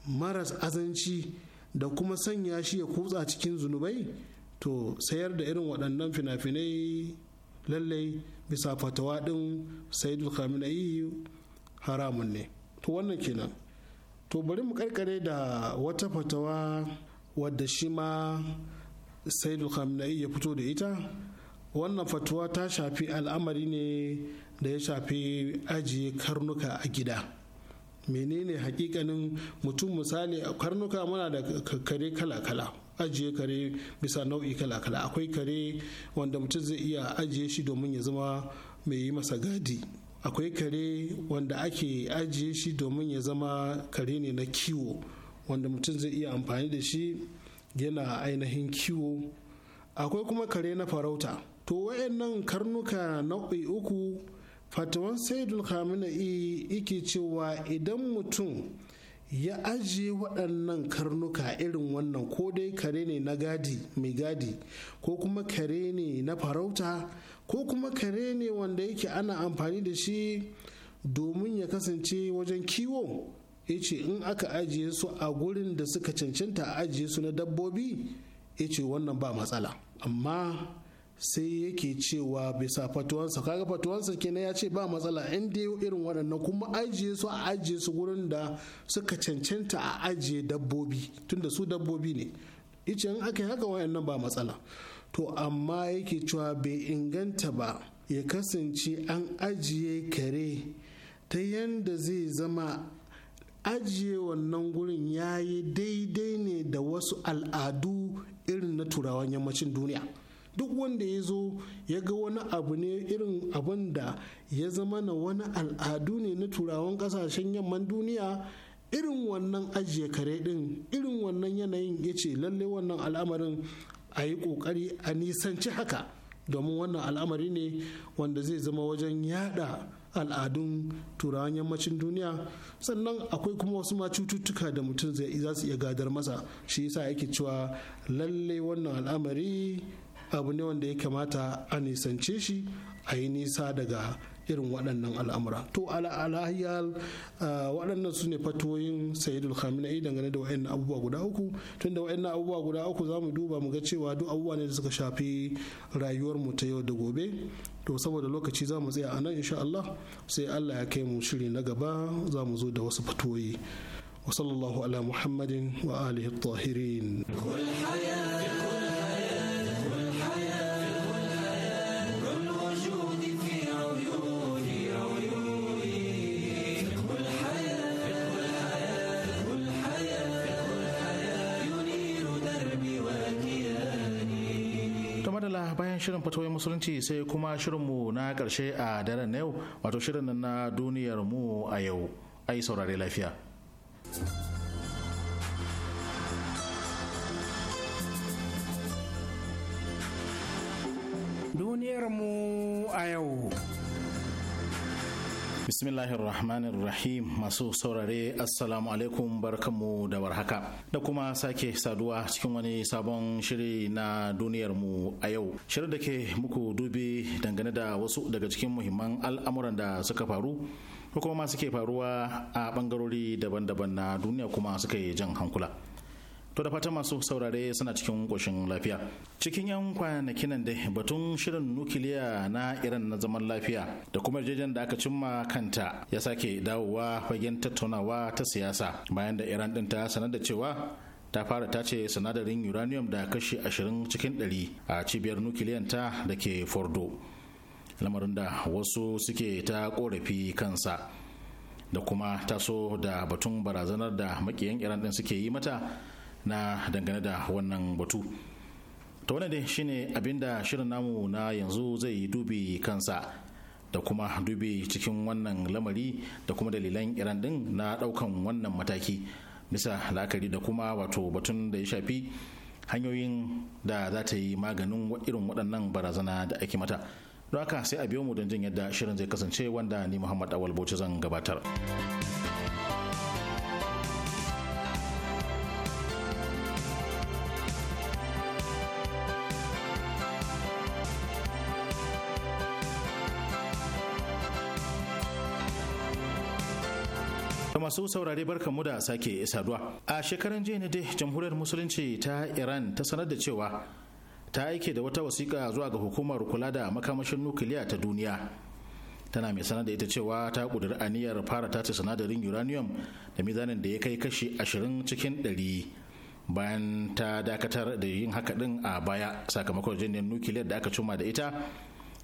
maras azanci da kuma sanya shi ya kutsa cikin zunubai to sayar da irin waɗannan fina-finai lallai bisa fatawa ɗin sayidul khamenei haramun ne to wannan kenan to bari mu karkare da wata fatawa wadda shi ma saidu khamenei ya fito da ita wannan fatuwa ta shafi al'amari ne da ya shafi ajiye karnuka a gida menene hakikanin mutum misali karnuka muna da kare kala-kala ajiye kare bisa nau'i kala-kala akwai kare wanda mutum zai iya ajiye shi domin ya zama mai yi masa gadi akwai kare wanda ake ajiye shi domin ya zama kare ne na kiwo wanda mutum zai iya amfani da shi yana ainihin kiwo akwai kuma kare na farauta to wayannan karnuka na uku fatawan saidul khamenei yake cewa idan mutum ya ajiye waɗannan karnuka irin wannan ko dai kare ne na gadi mai gadi ko kuma kare ne na farauta ko kuma kare ne wanda yake ana amfani da shi domin ya kasance wajen kiwo ya ce in aka ajiye su a gurin da suka cancanta a ajiye su na dabbobi ya ce wannan ba matsala amma sai yake cewa bisa fatuwansa kaga fatuwansa kenan ya ce ba matsala in dai irin waɗannan kuma ajiye su a ajiye su gurin da suka cancanta a ajiye dabbobi tunda su dabbobi ne ice in aka yi haka wayannan ba matsala to amma yake cewa bai inganta ba ya kasance an ajiye kare ta yanda zai zama ajiye wannan gurin ya yi daidai ne da wasu al'adu irin na turawan yammacin duniya duk wanda ya zo ya ga wani abu ne irin abin da ya zama na wani al'adu ne na turawan kasashen yamman duniya irin wannan ajiye kare din irin wannan yanayin ya ce lalle wannan al'amarin a yi kokari a nisanci haka domin wannan al'amari ne wanda zai zama wajen yada al'adun turawan yammacin duniya sannan akwai kuma wasu ma cututtuka da mutum zai za su iya gadar masa shi yasa yake cewa lalle wannan al'amari abu ne wanda ya kamata a nisance shi a yi nisa daga irin waɗannan al'amura to alahiyal ah, waɗannan su ne fatoyin sayidul khamenei dangane da wa'annan abubuwa guda uku tun da wa'annan abubuwa guda uku za mu duba mu ga cewa duk abubuwa ne da suka shafi rayuwar mu ta yau da gobe to saboda lokaci za mu tsaya a nan insha Allah sai Allah ya kai mu shiri na gaba za mu zo da wasu fatoyi wa sallallahu ala muhammadin wa alihi tahirin bayan shirin fatoyin musulunci sai kuma shirinmu na karshe a daren na yau wato shirin na duniyar mu a yau ai saurare lafiya duniyar mu a yau bismillahirrahmanirrahim masu saurare assalamu alaikum barkanmu da warhaka da kuma sake saduwa cikin wani sabon shiri na duniyarmu a yau shirin da ke muku dubi dangane da wasu daga cikin muhimman al'amuran da suka faru ko kuma suke faruwa a bangarori daban-daban na duniya kuma suka yi jan hankula To da fatan masu saurare suna cikin ƙoshin lafiya. Cikin 'yan kwanakin nan dai batun shirin nukiliya na Iran na zaman lafiya da kuma yarjejen da aka cimma kanta ya sake dawowa fagen tattaunawa ta siyasa bayan da Iran ɗin ta sanar da cewa ta fara tace sinadarin uranium da kashi ashirin cikin 100 a cibiyar nukiliyan ta da ke Fordo. Lamarin da wasu suke ta korafi kansa da kuma taso da batun barazanar da makiyan Iran din suke yi mata na dangane da wannan batu ta wannan dai shine abinda shirin namu na yanzu zai yi dubi kansa da kuma dubi cikin wannan lamari da kuma dalilan iran din na daukan wannan mataki bisa la'akari da kuma wato batun da ya shafi hanyoyin da za ta yi maganin irin waɗannan barazana da ake mata don sai a biyo mu don jin yadda shirin zai kasance wanda ni muhammad awal bauchi zan gabatar. masu saurare barka mu da sake saduwa. A shekaran jiya ne dai jamhuriyar musulunci ta Iran ta sanar da cewa ta aike da wata wasiƙa zuwa ga hukumar kula da makamashin nukiliya ta duniya. Tana mai sanar da ita cewa ta ƙudiri aniyar fara tace sinadarin uranium da mizanin da ya kai kashi ashirin cikin ɗari bayan ta dakatar da yin haka ɗin a baya sakamakon jinin nukiliyar da aka cuma da ita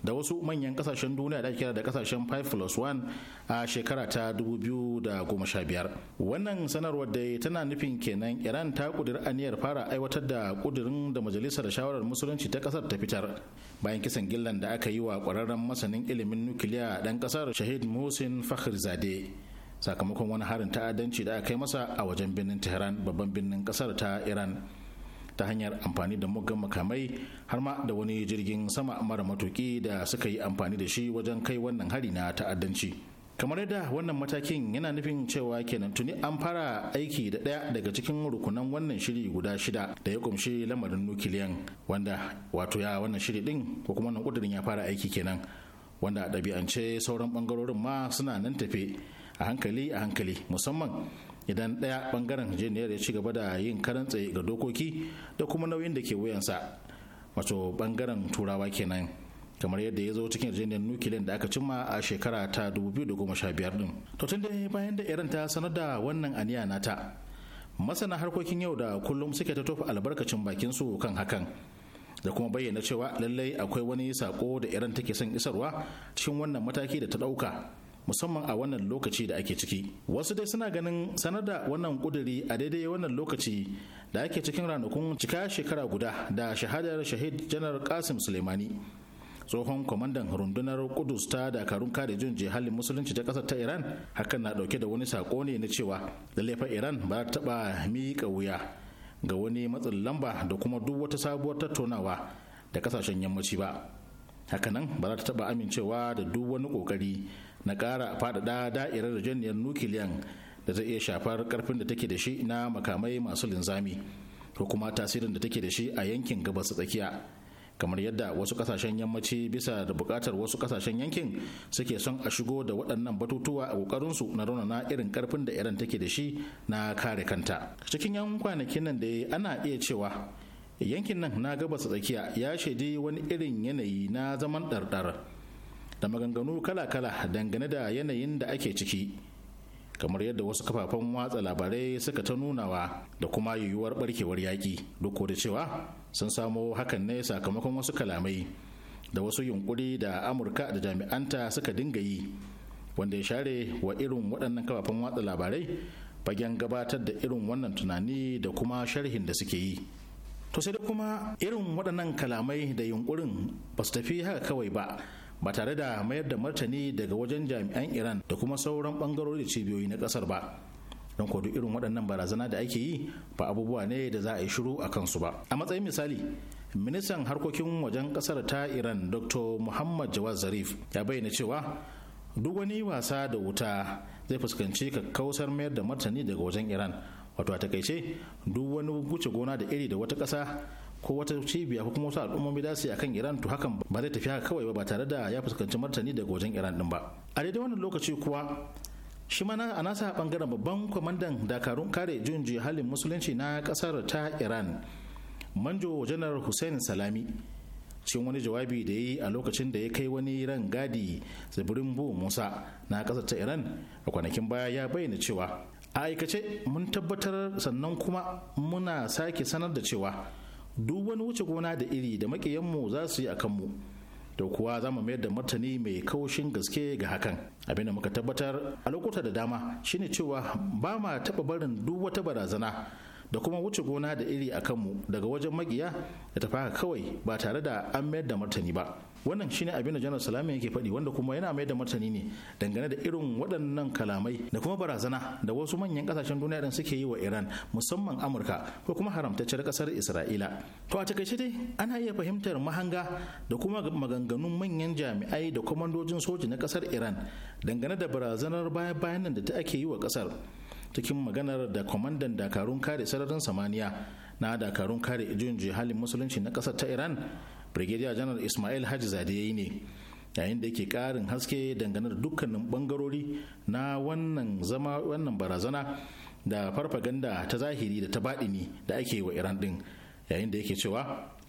da wasu manyan kasashen duniya da ake da kasashen 5 plus 1 a shekara ta 2015 wannan sanarwar da tana nufin kenan iran ta kudir aniyar fara aiwatar da kudirin da majalisar shawarar musulunci ta kasar ta fitar bayan kisan gillan da aka yi wa kwararren masanin ilimin nukiliya dan kasar shahid musin zade sakamakon wani harin ta'addanci da aka yi masa a wajen birnin tehran babban birnin kasar ta iran ta hanyar amfani da muggan makamai har ma da wani jirgin sama mara matuki da suka yi amfani da shi wajen kai wannan hari na ta'addanci kamar yadda wannan matakin yana nufin cewa kenan tuni an fara aiki da ɗaya daga cikin rukunan wannan shiri guda shida da ya kumshi lamarin nukiliyan wanda wato ya wannan shiri din ko kuma wannan ya fara aiki kenan wanda a ɗabi'ance sauran ɓangarorin ma suna nan tafe a hankali a hankali musamman idan ɗaya bangaren jeniyar ya ci gaba da yin karan tsaye ga dokoki da kuma nauyin da ke wuyansa wato bangaren turawa kenan kamar yadda ya zo cikin yarjejeniyar nukiliyar da aka cimma a shekara ta 2015 din to tun dai bayan da iran ta sanar da wannan aniya nata masana harkokin yau da kullum suke ta tofa albarkacin bakin su kan hakan da kuma bayyana cewa lallai akwai wani sako da iran take son isarwa cikin wannan mataki da ta ɗauka musamman a wannan lokaci da ake ciki wasu dai suna ganin sanar da wannan kuduri a daidai wannan lokaci da ake cikin ranakun cika shekara guda da shahadar shahid janar kasim suleimani tsohon kwamandan rundunar kudus ta dakarun kare jin jihalin musulunci ta kasar ta iran hakan na dauke da wani sako ne na cewa laifin iran ba ta taba miƙa wuya ga wani matsin lamba da kuma duk wata sabuwar tattaunawa da kasashen yammaci ba hakanan ba za ta taba amincewa da duk wani kokari na ƙara faɗaɗa da'irar rajaniyar nukiliyan da zai iya shafar karfin da take da shi na makamai masu linzami ko kuma tasirin da take da shi a yankin gabas tsakiya kamar yadda wasu kasashen yammaci bisa da bukatar wasu kasashen yankin suke son a shigo da waɗannan batutuwa a ƙoƙarinsu na raunana irin karfin da iran take da shi na kare kanta cikin yan kwanakin nan da ana iya cewa yankin nan na gabas tsakiya ya shaidi wani irin yanayi na zaman ɗarɗar da maganganu kala-kala dangane da yanayin da ake ciki kamar yadda wasu kafafen watsa labarai suka ta nunawa da kuma yiwuwar barkewar yaƙi duk da cewa sun samo hakan ne sakamakon wasu kalamai da wasu yunkuri da amurka da jami'anta suka dinga yi wanda ya share wa irin waɗannan kafafen watsa labarai fagen gabatar da irin wannan tunani da kuma sharhin da suke yi to sai da kuma irin waɗannan kalamai da yunkurin ba su tafi haka kawai ba ba tare da mayar da martani daga wajen jami'an iran da kuma sauran bangarori da cibiyoyi na kasar ba don kodu irin waɗannan barazana da ake yi ba abubuwa ne da za a yi shiru a kansu ba a matsayin misali ministan harkokin wajen kasar ta iran dr muhammad jawad zarif ya bayyana cewa duk wani wasa da wuta zai fuskanci kakkausar mayar da martani daga wajen iran wato a takaice duk wani guce gona da iri da wata ƙasa ko wata cibiya ko kuma wasu al'ummomi da su akan iran to hakan ba zai tafi haka kawai ba tare da ya fuskanci martani daga wajen iran din ba a daidai wannan lokaci kuwa shi ma a nasa bangaren babban kwamandan dakarun kare juyin halin musulunci na kasar ta iran manjo janar hussein salami cikin wani jawabi da ya yi a lokacin da ya kai wani ran gadi tsibirin bu musa na kasar ta iran a kwanakin baya ya bayyana cewa a aikace mun tabbatar sannan kuma muna sake sanar da cewa duk wani wuce gona da iri da makiyanmu za su yi a kanmu da kuwa za mu mayar da martani mai kaushin gaske ga hakan abinda muka tabbatar a lokuta da dama shine cewa ba ma taɓa barin duk wata barazana da kuma wuce gona da iri a kanmu daga wajen magiya da ta faka kawai ba tare da an mayar da martani ba wannan shine abin da janar salami yake faɗi wanda kuma yana mai da martani ne dangane da irin waɗannan kalamai da kuma barazana da wasu manyan kasashen duniya ɗin suke yi wa iran musamman amurka ko kuma haramtacciyar ƙasar isra'ila to a takaice dai ana iya fahimtar mahanga da kuma maganganun manyan jami'ai da kwamandojin soji na ƙasar iran dangane da barazanar baya-bayan da ta ake yi wa ƙasar cikin maganar da kwamandan dakarun kare sararin samaniya na dakarun kare jihalin musulunci na ƙasar ta iran brigadier janar ismail hajji zade yi ne yayin da yake karin haske dangane da dukkanin bangarori na wannan zama wannan barazana da farfaganda ta zahiri da ta baɗini da ake wa iran din yayin da yake cewa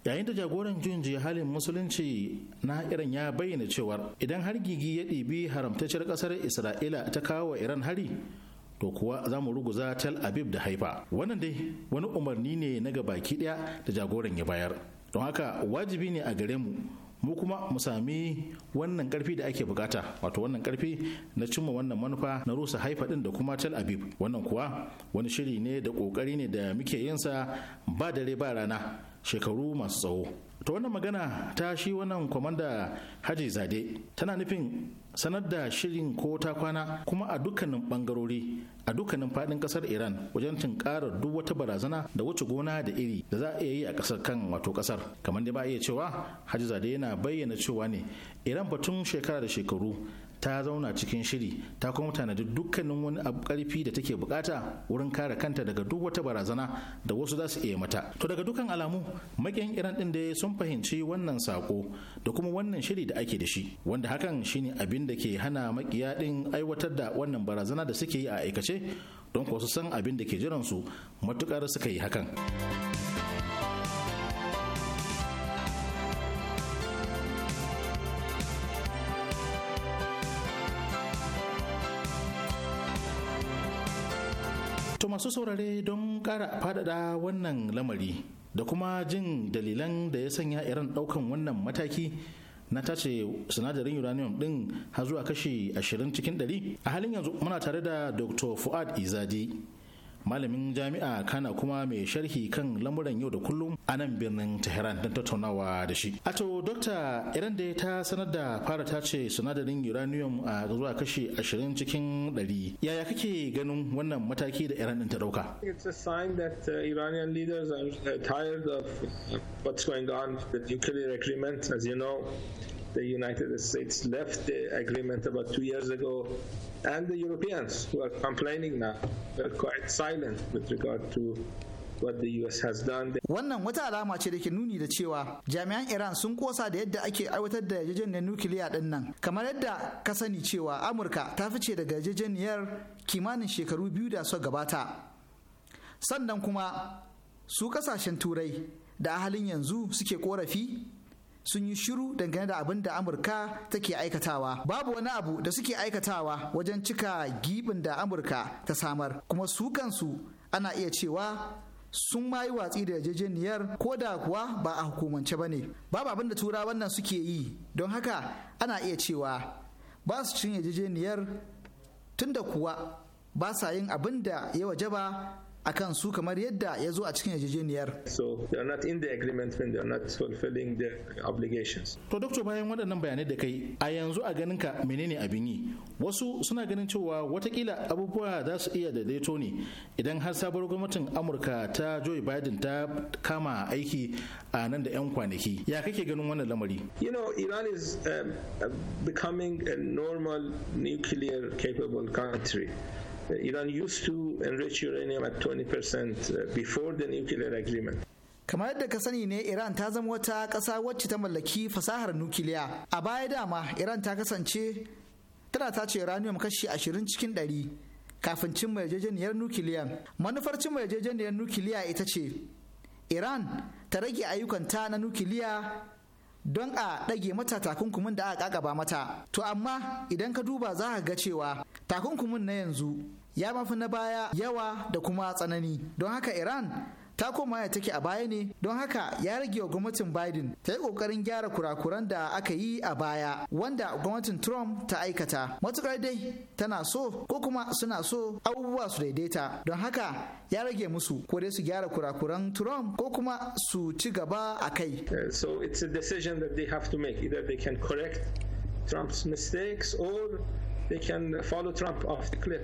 yayin da jagoran juyin halin musulunci na iran ya bayyana cewar idan har gigi ya ɗibi haramtacciyar ƙasar isra'ila ta kawo wa iran hari to kuwa za mu ruguza tel abib da haifa wannan dai wani umarni ne na gabaki ɗaya da jagoran ya bayar don haka wajibi ne a gare mu mu kuma mu sami wannan karfi da ake bukata wato wannan karfi na cimma wannan manufa na rusa haifa din da kuma tel abib wannan kuwa wani shiri ne da kokari ne da muke yinsa ba dare ba rana shekaru masu tsawo to wannan magana ta shi wannan kwamanda haji zade tana nufin sanar da shirin ko ta kwana kuma a dukkanin bangarori a dukkanin fadin kasar iran wajen tunkarar duk wata barazana da wuce gona da iri da za a iya yi a kasar kan wato kasar kamar da ba a iya cewa hajji zade yana bayyana cewa ne iran batun shekara da shekaru ta zauna cikin shiri ta kuma tanadi dukkanin wani abu karfi da take bukata wurin kare kanta daga duk wata barazana da wasu za su iya mata to daga dukkan alamu makiyan iran din da sun fahimci wannan sako da kuma wannan shiri da ake da shi wanda hakan shine abin da ke hana makiya din aiwatar da wannan barazana da suke yi a aikace don ko su san abin da ke jiran su matukar suka yi hakan. masu saurare don ƙara faɗaɗa wannan lamari da kuma jin dalilan da ya sanya iran ɗaukan wannan mataki na tace sinadarin uranium ɗin har zuwa kashi 20 cikin 100 a halin yanzu muna tare da dr fuad izadi malamin jami'a kana kuma mai sharhi kan lamuran yau da kullum a nan birnin tehran don tattaunawa da shi a to dokta iran da ta sanar da fara ta ce sinadarin uranium a ah, zuwa kashe 20 cikin 100 yaya kake ganin wannan mataki da iran din ta dauka it's a sign that uh, iranian leaders are uh, tired of what's going on with the nuclear agreement as you know the United States left the agreement about two years ago, and the Europeans who are complaining now They're quite silent with regard to what the US has done. Wannan wata alama ce da ke nuni da cewa jami'an Iran sun kosa da yadda ake aiwatar da yarjejeniyar nukiliya din nan. Kamar yadda ka sani cewa Amurka ta fice daga yarjejeniyar kimanin shekaru biyu da su gabata. Sannan kuma su kasashen turai da a halin yanzu suke korafi sun yi shiru dangane da abin da amurka take aikatawa babu wani abu da suke aikatawa wajen cika gibin da amurka ta samar kuma su kansu ana iya cewa sun ma yi watsi da yarjejeniyar ko da kuwa ba a hukumance ba ne babu abin da tura wannan suke yi don haka ana iya cewa ba su cin yarjejeniyar tunda kuwa ba sa yin abin da ya ba. akan su kamar yadda ya zo a cikin yarjejeniyar. So they are not in the agreement when they are not fulfilling their obligations. To doctor bayan waɗannan bayanai da kai a yanzu a ganin ka menene abin yi? Wasu suna ganin cewa watakila abubuwa za su iya daidaito ne idan har sabuwar gwamnatin Amurka ta Joe Biden ta kama aiki a nan da 'yan kwanaki. Ya kake ganin wannan lamari? You know, Iran is um, becoming a normal nuclear capable country. Iran used to enrich uranium at 20% uh, before the nuclear agreement. kamar yadda ka sani ne iran ta zama wata ƙasa wacce ta mallaki fasahar nukiliya a baya dama iran ta kasance tana tace ce uranium kashi ashirin cikin 100 kafin cin yarjejeniyar nukiliya manufar cin yarjejeniyar nukiliya ita ce iran ta rage ayyukanta na nukiliya don a ɗage mata takunkumin da aka ƙaƙaba mata to amma idan ka duba za ka ga cewa takunkumin na yanzu ya mafi na baya yawa da kuma tsanani don haka iran ta koma ya take a baya ne don haka ya rage wa gwamnatin Biden ta yi kokarin gyara kurakuran da aka yi a baya wanda gwamnatin Trump ta aikata matukar dai tana so ko kuma suna so abubuwa su daidaita don haka ya rage musu ko dai su gyara kurakuran Trump ko kuma su ci gaba a kai uh, so it's decision that they have to make either they can correct Trump's mistakes or they can follow Trump off the cliff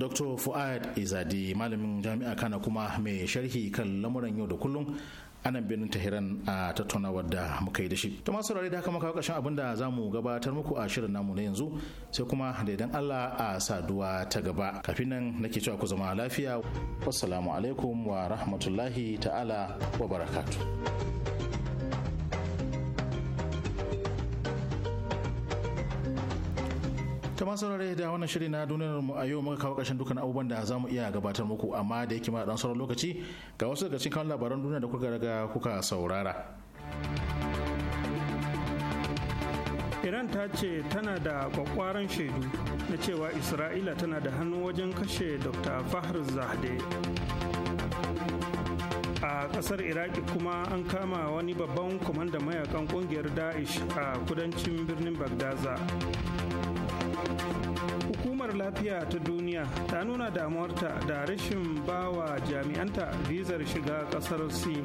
dr fuad izadi malamin jami'a kana kuma mai sharhi kan lamuran yau da kullum anan birnin tahiran a tattaunawar da muka yi da shi to masu da haka maka kashin abin da za mu gabatar muku a shirin namu na yanzu sai kuma da idan allah a saduwa ta gaba kafin nan nake cewa ku zama lafiya wassalamu alaikum wa rahmatullahi ta'ala wa barakatu. masu saurare da wannan shiri na duniyar mu a yau muka kawo ƙarshen dukkan abubuwan da za mu iya gabatar muku amma da yake mana dan sauran lokaci ga wasu daga cikin labaran duniya da kuka raga kuka saurara. Iran ta ce tana da kwakwaran shaidu na cewa Isra'ila tana da hannu wajen kashe Dr. fahar zahde a kasar iraki kuma an kama wani babban kwamandan mayakan kungiyar daesh a kudancin birnin bagdaza hukumar lafiya ta duniya ta nuna damuwarta da rashin bawa jami'anta bizar shiga kasar sin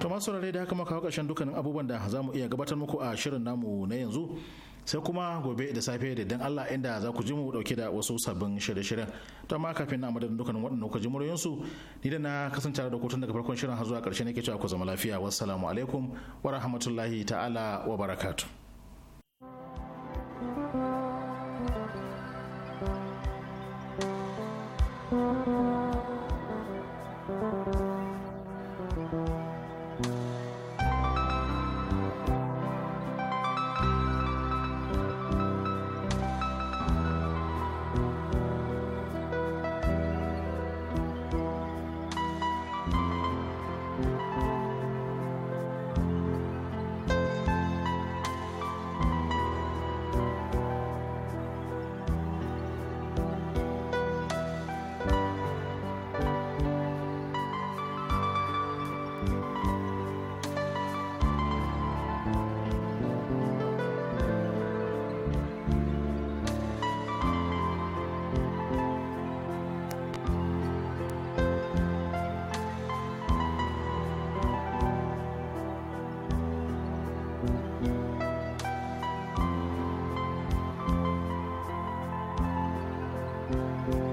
to masu da haka maka ƙarshen dukkanin abubuwan da za mu iya gabatar muku a shirin namu na yanzu sai kuma gobe da safe da dan Allah inda za ku ji mu dauke da wasu sabbin shirye-shiryen to ma kafin na madadin dukkanin waɗanda ku ji muryoyin ni da na kasance da kotun daga farkon shirin har zuwa ƙarshe nake cewa ku zama lafiya wassalamu alaikum wa rahmatullahi ta'ala wa barakatu. Thank you.